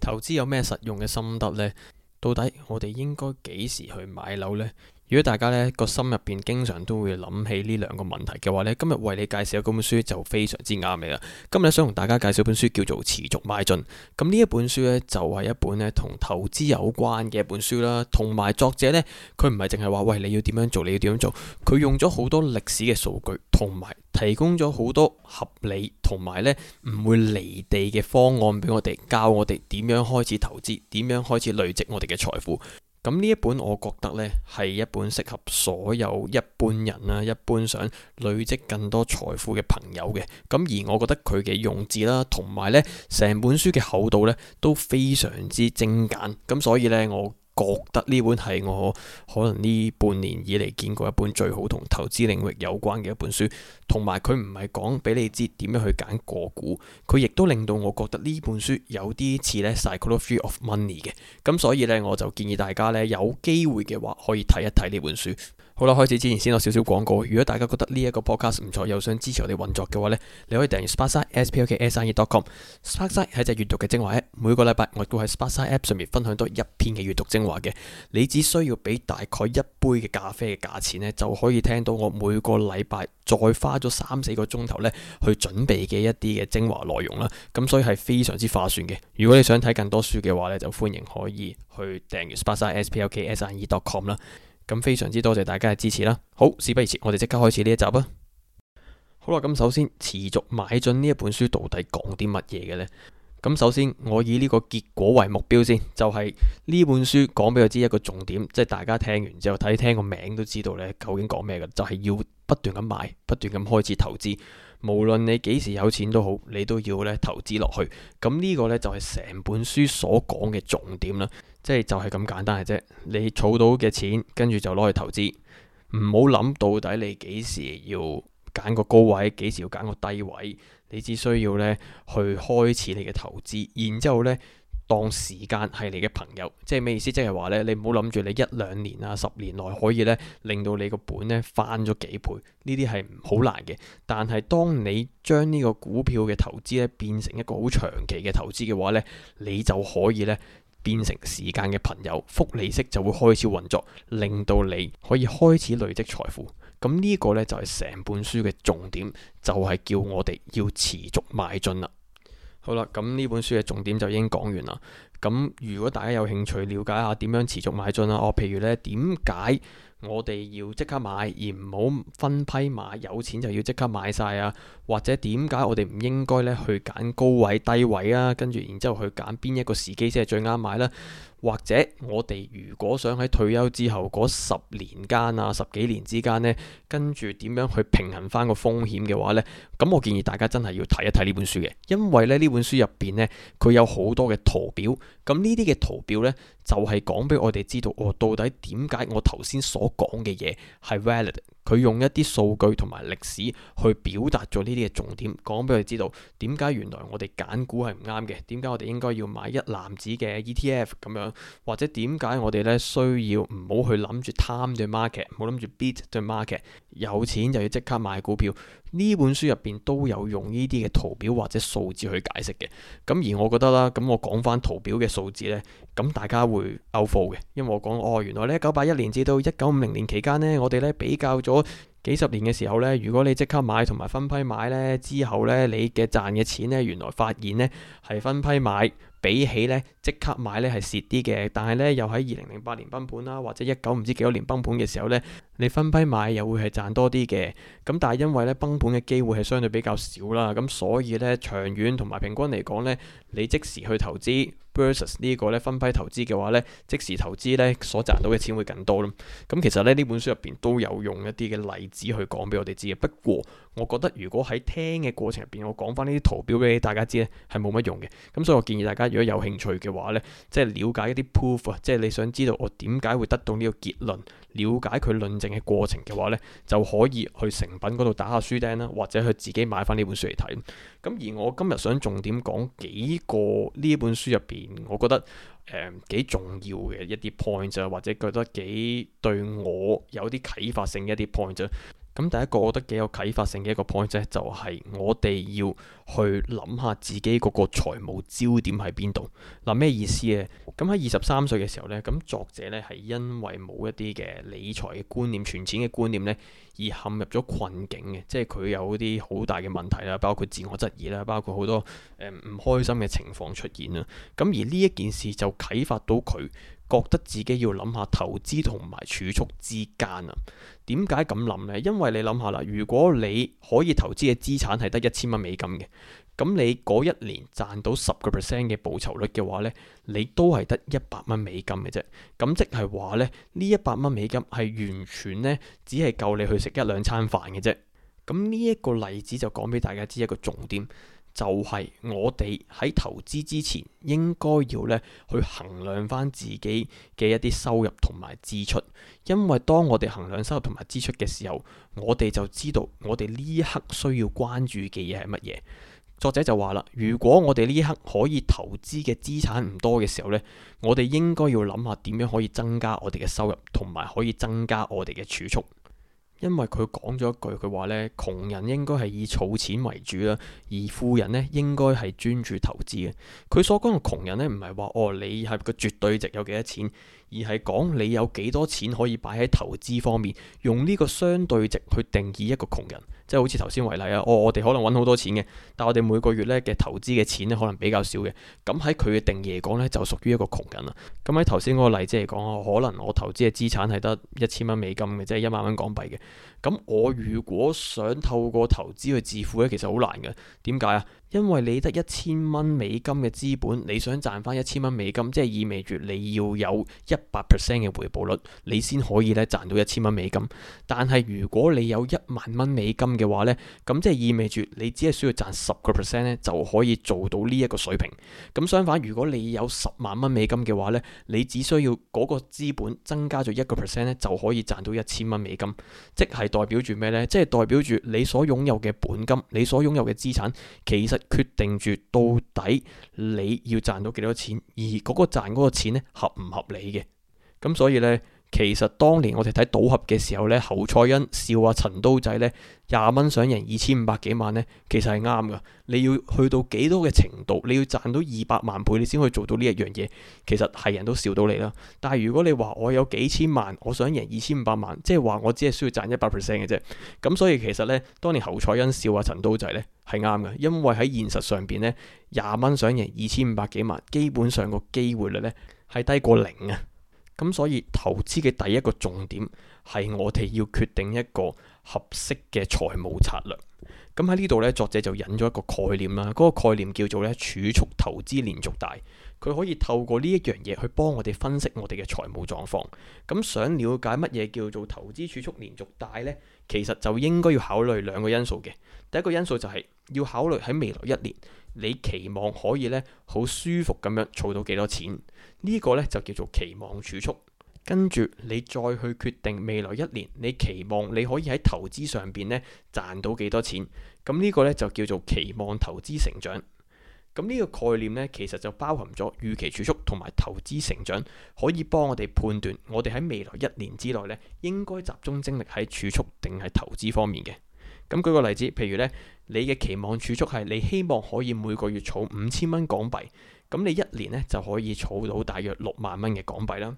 投資有咩實用嘅心得呢？到底我哋應該幾時去買樓呢？如果大家呢個心入邊經常都會諗起呢兩個問題嘅話呢，今日為你介紹嗰本書就非常之啱你啦。今日想同大家介紹本書叫做《持續買進》。咁呢一本書呢，就係、是、一本呢同投資有關嘅一本書啦。同埋作者呢，佢唔係淨係話喂，你要點樣做你要點樣做，佢用咗好多歷史嘅數據，同埋提供咗好多合理同埋呢唔會離地嘅方案俾我哋，教我哋點樣開始投資，點樣開始累積我哋嘅財富。咁呢一本，我覺得呢係一本適合所有一般人啦，一般想累積更多財富嘅朋友嘅。咁而我覺得佢嘅用字啦，同埋呢成本書嘅厚度呢，都非常之精簡。咁所以呢，我覺得呢本係我可能呢半年以嚟見過一本最好同投資領域有關嘅一本書，同埋佢唔係講俾你知點樣去揀個股，佢亦都令到我覺得呢本書有啲似咧《Psychology of Money》嘅，咁所以呢，我就建議大家呢，有機會嘅話可以睇一睇呢本書。好啦，開始之前先有少少廣告。如果大家覺得呢一個 Podcast 唔錯，又想支持我哋運作嘅話呢，你可以訂閱 Sparksine sparksine.com。Sparksine 係隻閱讀嘅精華 app，每個禮拜我都喺 Sparksine app 上面分享多一篇嘅閱讀精華嘅。你只需要俾大概一杯嘅咖啡嘅價錢呢，就可以聽到我每個禮拜再花咗三四個鐘頭呢去準備嘅一啲嘅精華內容啦。咁所以係非常之划算嘅。如果你想睇更多書嘅話呢，就歡迎可以去訂閱 Sparksine sparksine.com 啦。咁非常之多謝大家嘅支持啦！好，事不宜遲，我哋即刻開始呢一集啊！好啦，咁首先持續買進呢一本書，到底講啲乜嘢嘅呢？咁首先我以呢個結果為目標先，就係呢本書講俾我知一個重點，即係大家聽完之後睇聽個名都知道咧，究竟講咩嘅，就係要不斷咁買，不斷咁開始投資。無論你幾時有錢都好，你都要咧投資落去。咁呢個呢，就係成本書所講嘅重點啦，即係就係、是、咁簡單嘅啫。你儲到嘅錢，跟住就攞去投資，唔好諗到底你幾時要揀個高位，幾時要揀個低位。你只需要呢，去開始你嘅投資，然之後呢。當時間係你嘅朋友，即係咩意思？即係話呢，你唔好諗住你一兩年啊，十年內可以呢，令到你個本呢翻咗幾倍，呢啲係好難嘅。但係當你將呢個股票嘅投資呢變成一個好長期嘅投資嘅話呢，你就可以呢變成時間嘅朋友，複利息就會開始運作，令到你可以開始累積財富。咁、嗯、呢、這個呢，就係、是、成本書嘅重點，就係、是、叫我哋要持續買進啦。好啦，咁呢本書嘅重點就已經講完啦。咁如果大家有興趣了解下點樣持續買進啦，我譬如呢點解我哋要即刻買而唔好分批買，有錢就要即刻買晒啊，或者點解我哋唔應該呢去揀高位低位啊，跟住然之後去揀邊一個時機先係最啱買呢？或者我哋如果想喺退休之後嗰十年間啊十幾年之間呢，跟住點樣去平衡翻個風險嘅話呢？咁我建議大家真係要睇一睇呢本書嘅，因為咧呢本書入邊呢，佢有好多嘅圖表，咁呢啲嘅圖表呢。就係講俾我哋知道，哦，到底點解我頭先所講嘅嘢係 valid？佢用一啲數據同埋歷史去表達咗呢啲嘅重點，講俾我哋知道點解原來我哋揀股係唔啱嘅，點解我哋應該要買一籃子嘅 ETF 咁樣，或者點解我哋咧需要唔好去諗住 time 對 market，唔好諗住 beat 對 market。有錢就要即刻買股票。呢本書入邊都有用呢啲嘅圖表或者數字去解釋嘅。咁而我覺得啦，咁我講翻圖表嘅數字呢，咁大家會。會 o 嘅，因為我講，哦，原來呢，九八一年至到一九五零年期間呢，我哋呢比較咗幾十年嘅時候呢。如果你即刻買同埋分批買呢，之後呢，你嘅賺嘅錢呢，原來發現呢係分批買比起呢，即刻買呢係蝕啲嘅，但係呢，又喺二零零八年崩盤啦，或者一九唔知幾多年崩盤嘅時候呢，你分批買又會係賺多啲嘅，咁但係因為呢，崩盤嘅機會係相對比較少啦，咁所以呢，長遠同埋平均嚟講呢，你即時去投資。versus 呢個咧分批投資嘅話咧，即時投資咧所賺到嘅錢會更多咯。咁其實咧呢本書入邊都有用一啲嘅例子去講俾我哋知嘅。不過我覺得如果喺聽嘅過程入邊，我講翻呢啲圖表俾大家知咧，係冇乜用嘅。咁所以我建議大家如果有興趣嘅話咧，即係了解一啲 proof 啊，即係你想知道我點解會得到呢個結論，了解佢論證嘅過程嘅話咧，就可以去誠品嗰度打下書釘啦，或者去自己買翻呢本書嚟睇。咁而我今日想重點講幾個呢本書入邊，我覺得誒、呃、幾重要嘅一啲 point 就，或者覺得幾對我有啲啟發性一啲 point。咁第一個我覺得幾有啟發性嘅一個 point 就係我哋要去諗下自己嗰個財務焦點喺邊度。嗱、啊、咩意思呢？咁喺二十三歲嘅時候呢，咁作者呢係因為冇一啲嘅理財嘅觀念、存錢嘅觀念呢，而陷入咗困境嘅。即係佢有啲好大嘅問題啦，包括自我質疑啦，包括好多誒唔、呃、開心嘅情況出現啦。咁而呢一件事就啟發到佢。覺得自己要諗下投資同埋儲蓄之間啊，點解咁諗呢？因為你諗下啦，如果你可以投資嘅資產係得一千蚊美金嘅，咁你嗰一年賺到十個 percent 嘅報酬率嘅話呢，你都係得一百蚊美金嘅啫。咁即係話呢，呢一百蚊美金係完全呢，只係夠你去食一兩餐飯嘅啫。咁呢一個例子就講俾大家知一個重點。就係我哋喺投資之前應該要咧去衡量翻自己嘅一啲收入同埋支出，因為當我哋衡量收入同埋支出嘅時候，我哋就知道我哋呢一刻需要關注嘅嘢係乜嘢。作者就話啦，如果我哋呢一刻可以投資嘅資產唔多嘅時候咧，我哋應該要諗下點樣可以增加我哋嘅收入，同埋可以增加我哋嘅儲蓄。因為佢講咗一句，佢話呢，窮人應該係以儲錢為主啦，而富人呢，應該係專注投資嘅。佢所講嘅窮人呢，唔係話哦，你係個絕對值有幾多錢，而係講你有幾多錢可以擺喺投資方面，用呢個相對值去定義一個窮人，即係好似頭先為例啊、哦，我我哋可能揾好多錢嘅，但我哋每個月咧嘅投資嘅錢咧可能比較少嘅，咁喺佢嘅定義嚟講咧就屬於一個窮人啦。咁喺頭先嗰個例子嚟講，可能我投資嘅資產係得一千蚊美金嘅，即係一萬蚊港幣嘅。咁我如果想透過投資去致富咧，其實好難嘅。點解啊？因為你得一千蚊美金嘅資本，你想賺返一千蚊美金，即係意味住你要有一百 percent 嘅回報率，你先可以咧賺到一千蚊美金。但係如果你有一萬蚊美金嘅話咧，咁即係意味住你只係需要賺十個 percent 咧就可以做到呢一個水平。咁相反，如果你有十萬蚊美金嘅話咧，你只需要嗰個資本增加咗一個 percent 咧就可以賺到一千蚊美金，即係。代表住咩呢？即係代表住你所擁有嘅本金，你所擁有嘅資產，其實決定住到底你要賺到幾多錢，而嗰個賺嗰個錢呢，合唔合理嘅？咁所以呢。其實當年我哋睇賭俠嘅時候咧，侯賽因笑阿陳刀仔咧，廿蚊想贏二千五百幾萬咧，其實係啱噶。你要去到幾多嘅程度，你要賺到二百萬倍，你先可以做到呢一樣嘢。其實係人都笑到你啦。但係如果你話我有幾千萬，我想贏二千五百萬，即係話我只係需要賺一百 percent 嘅啫。咁所以其實咧，當年侯賽因笑阿陳刀仔咧係啱嘅，因為喺現實上邊咧，廿蚊想贏二千五百幾萬，基本上個機會率咧係低過零啊。咁所以投資嘅第一個重點係我哋要決定一個合適嘅財務策略。咁喺呢度咧，作者就引咗一個概念啦。嗰個概念叫做咧儲蓄投資連續大。佢可以透過呢一樣嘢去幫我哋分析我哋嘅財務狀況。咁想了解乜嘢叫做投資儲蓄連續帶呢？其實就應該要考慮兩個因素嘅。第一個因素就係要考慮喺未來一年，你期望可以呢好舒服咁樣儲到幾多錢？呢個呢就叫做期望儲蓄。跟住你再去決定未來一年，你期望你可以喺投資上邊呢賺到幾多錢？咁呢個呢就叫做期望投資成長。咁呢個概念呢，其實就包含咗預期儲蓄同埋投資成長，可以幫我哋判斷我哋喺未來一年之內呢，應該集中精力喺儲蓄定係投資方面嘅。咁舉個例子，譬如呢，你嘅期望儲蓄係你希望可以每個月儲五千蚊港幣，咁你一年呢就可以儲到大約六萬蚊嘅港幣啦。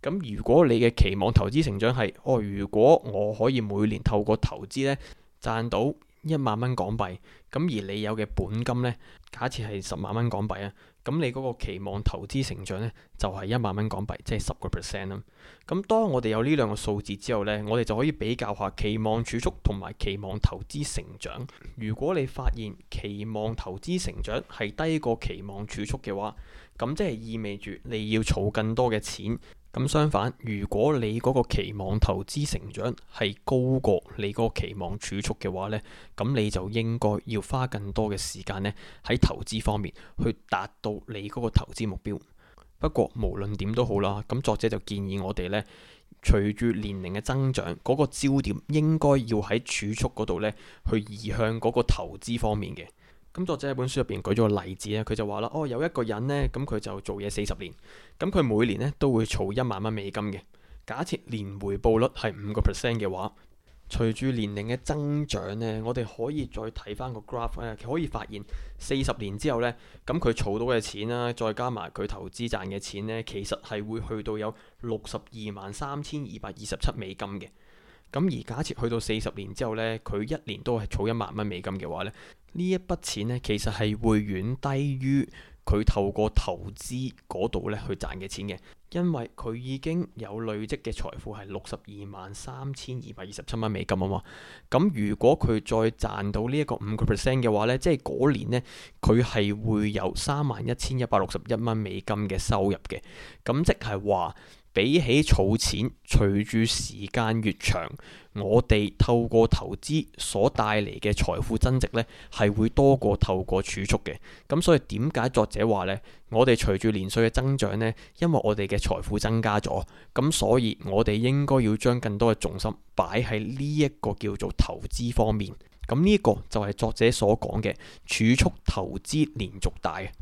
咁如果你嘅期望投資成長係哦，如果我可以每年透過投資呢，賺到一萬蚊港幣咁，而你有嘅本金呢，假設係十萬蚊港幣啊，咁你嗰個期望投資成長呢，就係一萬蚊港幣，即係十個 percent 啦。咁、啊、當我哋有呢兩個數字之後呢，我哋就可以比較下期望儲蓄同埋期望投資成長。如果你發現期望投資成長係低過期望儲蓄嘅話，咁即係意味住你要儲更多嘅錢。咁相反，如果你嗰個期望投資成長係高過你個期望儲蓄嘅話呢，咁你就應該要花更多嘅時間呢喺投資方面去達到你嗰個投資目標。不過無論點都好啦，咁作者就建議我哋呢，隨住年齡嘅增長，嗰個焦點應該要喺儲蓄嗰度呢去移向嗰個投資方面嘅。咁作者喺本書入邊舉咗個例子咧，佢就話啦：哦，有一個人呢，咁佢就做嘢四十年，咁佢每年呢都會儲一萬蚊美金嘅。假設年回報率係五個 percent 嘅話，隨住年齡嘅增長呢，我哋可以再睇翻個 graph 咧，佢可以發現四十年之後呢，咁佢儲到嘅錢啦，再加埋佢投資賺嘅錢呢，其實係會去到有六十二萬三千二百二十七美金嘅。咁而假設去到四十年之後呢，佢一年都係儲一萬蚊美金嘅話咧，呢一筆錢呢其實係會遠低於佢透過投資嗰度呢去賺嘅錢嘅，因為佢已經有累積嘅財富係六十二萬三千二百二十七蚊美金啊嘛。咁、嗯、如果佢再賺到呢一個五個 percent 嘅話呢，即係嗰年呢，佢係會有三萬一千一百六十一蚊美金嘅收入嘅，咁即係話。比起儲錢，隨住時間越長，我哋透過投資所帶嚟嘅財富增值呢，係會多過透過儲蓄嘅。咁所以點解作者話呢？我哋隨住年歲嘅增長呢，因為我哋嘅財富增加咗，咁所以我哋應該要將更多嘅重心擺喺呢一個叫做投資方面。咁呢一個就係作者所講嘅儲蓄投資連續帶。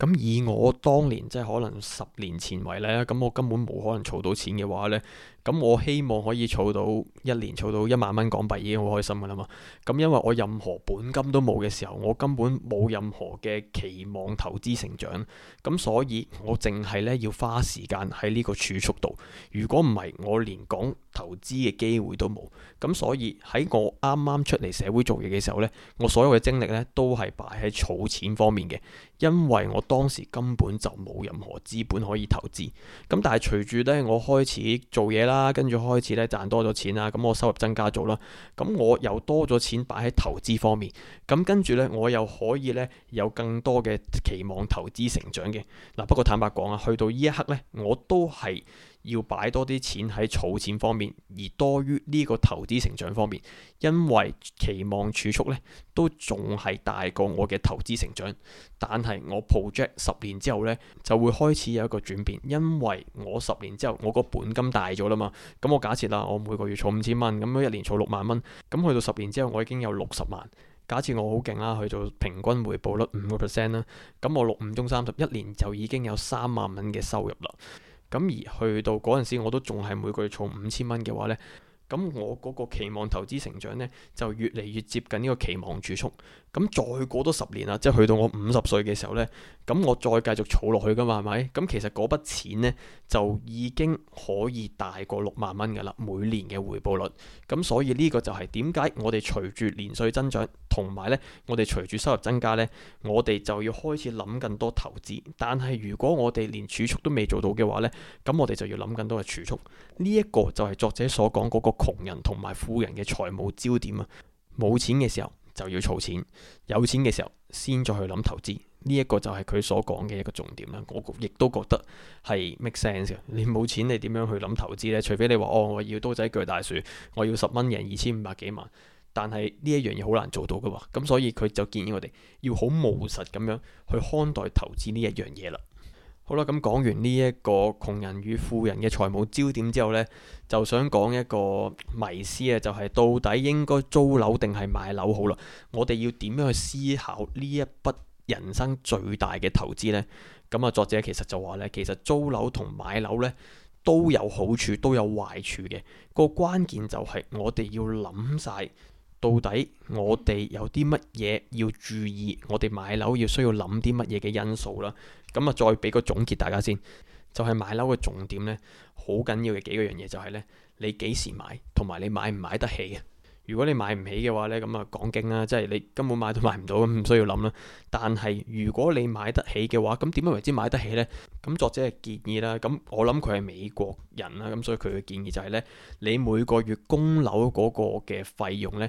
咁以我當年即係可能十年前為例，咁我根本冇可能儲到錢嘅話呢。咁我希望可以儲到一年儲到一萬蚊港幣已經好開心噶啦嘛！咁因為我任何本金都冇嘅時候，我根本冇任何嘅期望投資成長，咁所以我，我淨係咧要花時間喺呢個儲蓄度。如果唔係我連講投資嘅機會都冇。咁所以喺我啱啱出嚟社會做嘢嘅時候咧，我所有嘅精力咧都係擺喺儲錢方面嘅，因為我當時根本就冇任何資本可以投資，咁但係隨住咧我開始做嘢啦。跟住開始咧賺多咗錢啦，咁我收入增加咗啦，咁我又多咗錢擺喺投資方面，咁跟住呢，我又可以呢有更多嘅期望投資成長嘅。嗱，不過坦白講啊，去到呢一刻呢，我都係，要擺多啲錢喺儲錢方面，而多於呢個投資成長方面，因為期望儲蓄呢都仲係大過我嘅投資成長。但係我 project 十年之後呢，就會開始有一個轉變，因為我十年之後我個本金大咗啦嘛。咁我假設啦，我每個月儲五千蚊，咁樣一年儲六萬蚊，咁去到十年之後我已經有六十萬。假設我好勁啦，去到平均回報率五個 percent 啦，咁我六五中三十，一年就已經有三萬蚊嘅收入啦。咁而去到嗰陣時，我都仲係每個月儲五千蚊嘅話呢。咁我嗰個期望投資成長呢，就越嚟越接近呢個期望儲蓄。咁再過多十年啦，即係去到我五十歲嘅時候呢。咁我再繼續儲落去噶嘛，係咪？咁其實嗰筆錢呢，就已經可以大過六萬蚊噶啦，每年嘅回報率。咁所以呢個就係點解我哋隨住年歲增長，同埋呢我哋隨住收入增加呢，我哋就要開始諗更多投資。但係如果我哋連儲蓄都未做到嘅話呢，咁我哋就要諗更多嘅儲蓄。呢一個就係作者所講嗰個窮人同埋富人嘅財務焦點啊，冇錢嘅時候，就要儲錢，有錢嘅時候先再去諗投資，呢一個就係佢所講嘅一個重點啦。我亦都覺得係 make sense 你冇錢，你點樣去諗投資呢？除非你話哦，我要刀仔鋸大樹，我要十蚊贏二千五百幾萬，但係呢一樣嘢好難做到噶喎。咁所以佢就建議我哋要好務實咁樣去看待投資呢一樣嘢啦。好啦，咁講完呢一個窮人與富人嘅財務焦點之後呢，就想講一個迷思啊，就係到底應該租樓定係買樓好啦？我哋要點樣去思考呢一筆人生最大嘅投資呢？咁啊，作者其實就話呢，其實租樓同買樓呢都有好處，都有壞處嘅。個關鍵就係我哋要諗晒到底我哋有啲乜嘢要注意，我哋買樓要需要諗啲乜嘢嘅因素啦。咁啊，再俾個總結大家先，就係買樓嘅重點呢，好緊要嘅幾個樣嘢就係呢：你幾時買，同埋你買唔買得起啊？如果你買唔起嘅話呢，咁啊講經啦，即係你根本買都買唔到，咁唔需要諗啦。但係如果你買得起嘅話，咁點解為之買得起呢？咁作者嘅建議啦，咁我諗佢係美國人啦，咁所以佢嘅建議就係呢：你每個月供樓嗰個嘅費用呢，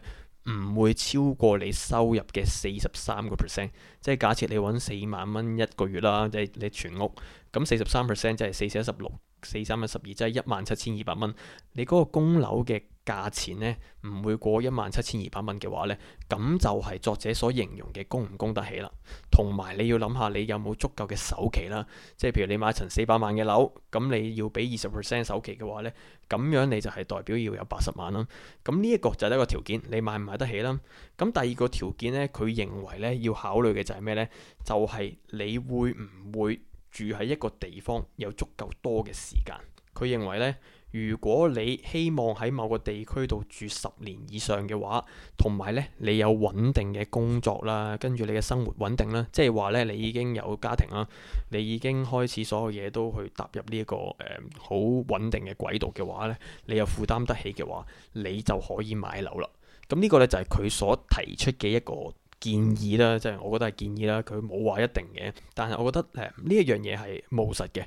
唔會超過你收入嘅四十三個 percent，即係假設你揾四萬蚊一個月啦，即係你全屋，咁四十三 percent 即係四四一十六。就是 4, 四三蚊十二即係一萬七千二百蚊，你嗰個供樓嘅價錢呢，唔會過一萬七千二百蚊嘅話呢，咁就係作者所形容嘅供唔供得起啦。同埋你要諗下你有冇足夠嘅首期啦，即係譬如你買層四百萬嘅樓，咁你要俾二十 percent 首期嘅話呢，咁樣你就係代表要有八十萬啦。咁呢一個就係一個條件，你買唔買得起啦？咁第二個條件呢，佢認為呢，要考慮嘅就係咩呢？就係、是、你會唔會？住喺一個地方有足夠多嘅時間，佢認為呢，如果你希望喺某個地區度住十年以上嘅話，同埋呢，你有穩定嘅工作啦，跟住你嘅生活穩定啦，即係話呢，你已經有家庭啦，你已經開始所有嘢都去踏入呢、這、一個誒好穩定嘅軌道嘅話呢，你又負擔得起嘅話，你就可以買樓啦。咁、嗯、呢、這個呢，就係、是、佢所提出嘅一個。建議啦，即係我覺得係建議啦。佢冇話一定嘅，但係我覺得誒呢一樣嘢係務實嘅，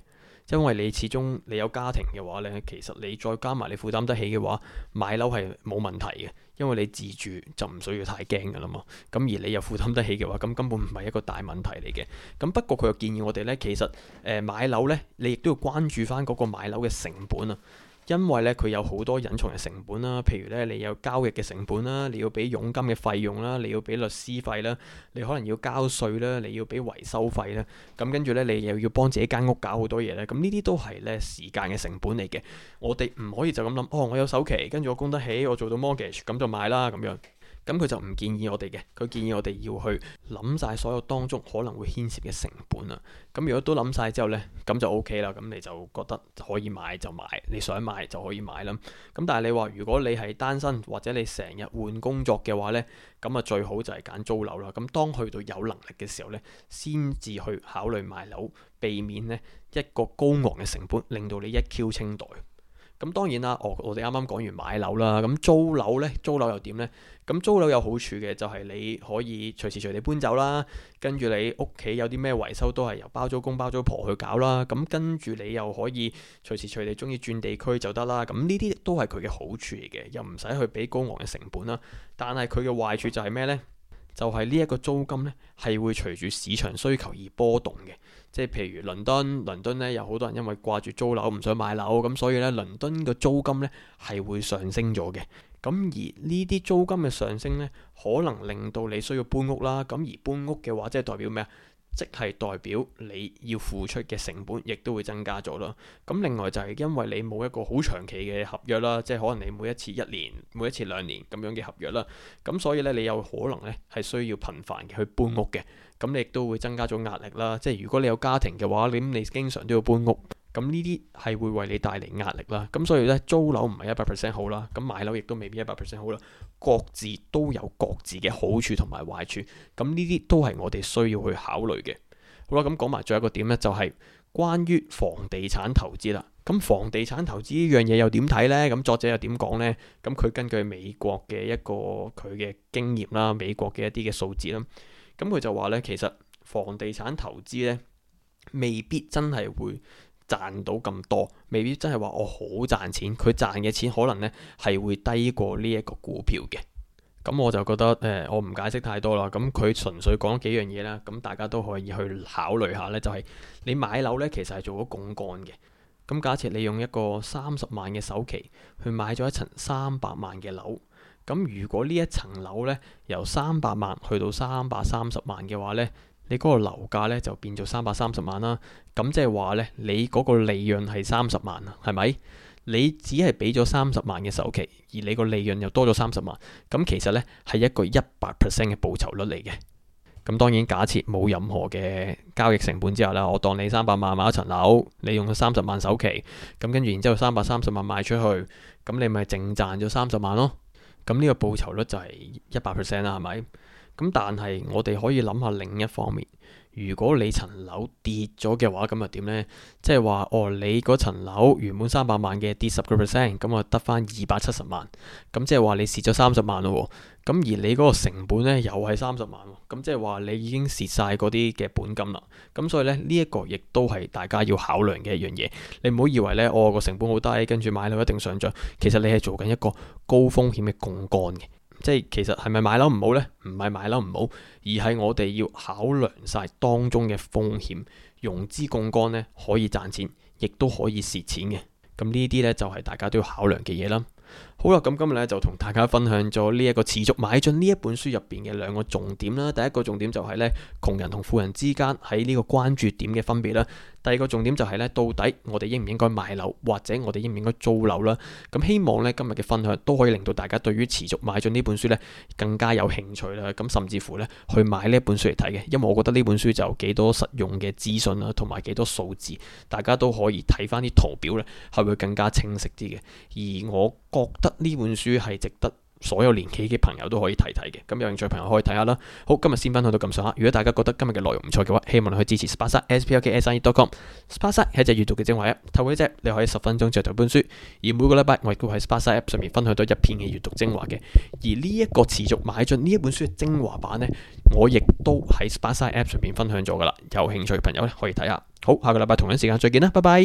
因為你始終你有家庭嘅話咧，其實你再加埋你負擔得起嘅話，買樓係冇問題嘅，因為你自住就唔需要太驚㗎啦嘛。咁而你又負擔得起嘅話，咁根本唔係一個大問題嚟嘅。咁不過佢又建議我哋咧，其實誒買樓咧，你亦都要關注返嗰個買樓嘅成本啊。因為咧，佢有好多隱藏嘅成本啦，譬如咧，你有交易嘅成本啦，你要俾佣金嘅費用啦，你要俾律師費啦，你可能要交稅啦，你要俾維修費啦，咁跟住咧，你又要幫自己間屋搞好多嘢咧，咁呢啲都係咧時間嘅成本嚟嘅。我哋唔可以就咁諗，哦，我有首期，跟住我供得起，我做到 mortgage，咁就買啦咁樣。咁佢就唔建議我哋嘅，佢建議我哋要去諗晒所有當中可能會牽涉嘅成本啊。咁如果都諗晒之後呢，咁就 OK 啦。咁你就覺得可以買就買，你想買就可以買啦。咁但係你話如果你係單身或者你成日換工作嘅話呢，咁啊最好就係揀租樓啦。咁當去到有能力嘅時候呢，先至去考慮買樓，避免呢一個高昂嘅成本令到你一 Q 清袋。咁當然啦，我我哋啱啱講完買樓啦，咁租樓呢？租樓又點呢？咁租樓有好處嘅就係你可以隨時隨地搬走啦，跟住你屋企有啲咩維修都係由包租公、包租婆去搞啦，咁跟住你又可以隨時隨地中意轉地區就得啦。咁呢啲都係佢嘅好處嚟嘅，又唔使去俾高昂嘅成本啦。但係佢嘅壞處就係咩呢？就係呢一個租金呢，係會隨住市場需求而波動嘅。即係譬如倫敦，倫敦呢有好多人因為掛住租樓唔想買樓，咁所以呢倫敦嘅租金呢係會上升咗嘅。咁而呢啲租金嘅上升呢，可能令到你需要搬屋啦。咁而搬屋嘅話，即係代表咩啊？即係代表你要付出嘅成本，亦都會增加咗囉。咁另外就係因為你冇一個好長期嘅合約啦，即係可能你每一次一年、每一次兩年咁樣嘅合約啦。咁所以咧，你有可能咧係需要頻繁嘅去搬屋嘅。咁你亦都會增加咗壓力啦。即係如果你有家庭嘅話，你經常都要搬屋。咁呢啲係會為你帶嚟壓力啦。咁所以咧，租樓唔係一百 percent 好啦，咁買樓亦都未必一百 percent 好啦。各自都有各自嘅好處同埋壞處。咁呢啲都係我哋需要去考慮嘅。好啦，咁講埋最後一個點咧，就係關於房地產投資啦。咁房地產投資呢樣嘢又點睇呢？咁作者又點講呢？咁佢根據美國嘅一個佢嘅經驗啦，美國嘅一啲嘅數字啦，咁佢就話咧，其實房地產投資咧未必真係會。賺到咁多，未必真係話我好賺錢。佢賺嘅錢可能呢係會低過呢一個股票嘅。咁我就覺得誒、呃，我唔解釋太多啦。咁佢純粹講咗幾樣嘢啦。咁大家都可以去考慮下呢，就係、是、你買樓呢，其實係做咗槓桿嘅。咁假設你用一個三十萬嘅首期去買咗一層三百萬嘅樓，咁如果呢一層樓呢由三百萬去到三百三十萬嘅話呢。你嗰個樓價呢就變咗三百三十萬啦，咁即係話呢，你嗰個利潤係三十萬啊，係咪？你只係俾咗三十萬嘅首期，而你個利潤又多咗三十萬，咁其實呢，係一個一百 percent 嘅報酬率嚟嘅。咁當然假設冇任何嘅交易成本之後啦，我當你三百萬買一層樓，你用咗三十萬首期，咁跟住然之後三百三十萬賣出去，咁你咪淨賺咗三十萬咯。咁、這、呢個報酬率就係一百 percent 啦，係咪？咁但係我哋可以諗下另一方面，如果你層樓跌咗嘅話，咁又點呢？即係話哦，你嗰層樓原本三百萬嘅，跌十個 percent，咁啊得翻二百七十萬，咁即係話你蝕咗三十萬咯。咁而你嗰個成本呢，又係三十萬，咁即係話你已經蝕晒嗰啲嘅本金啦。咁所以呢，呢一個亦都係大家要考量嘅一樣嘢。你唔好以為呢，哦，個成本好低，跟住買樓一定上漲。其實你係做緊一個高風險嘅槓桿嘅。即係其實係咪買樓唔好呢？唔係買樓唔好，而係我哋要考量晒當中嘅風險。融資槓桿呢，可以賺錢，亦都可以蝕錢嘅。咁呢啲呢，就係大家都要考量嘅嘢啦。好啦，咁今日咧就同大家分享咗呢一個持續買進呢一本書入邊嘅兩個重點啦。第一個重點就係呢，窮人同富人之間喺呢個關注點嘅分別啦。第二個重點就係咧，到底我哋應唔應該買樓，或者我哋應唔應該租樓啦？咁希望咧，今日嘅分享都可以令到大家對於持續買進呢本書咧更加有興趣啦。咁甚至乎咧，去買呢本書嚟睇嘅，因為我覺得呢本書就有幾多實用嘅資訊啦，同埋幾多數字，大家都可以睇翻啲圖表咧，係會更加清晰啲嘅。而我覺得呢本書係值得。所有年紀嘅朋友都可以睇睇嘅，咁有興趣朋友可以睇下啦。好，今日先分享到咁上下。如果大家覺得今日嘅內容唔錯嘅話，希望你可以支持 Sparksine，S P A R K S I N E dot com。Sparksine 係一隻閱讀嘅精華 app，透過呢隻你可以十分鐘閱讀一本書，而每個禮拜我亦都喺 Sparksine app 上面分享到一篇嘅閱讀精華嘅。而呢一個持續買進呢一本書嘅精華版呢，我亦都喺 Sparksine app 上面分享咗噶啦。有興趣朋友咧可以睇下。好，下個禮拜同樣時間再見啦，拜拜。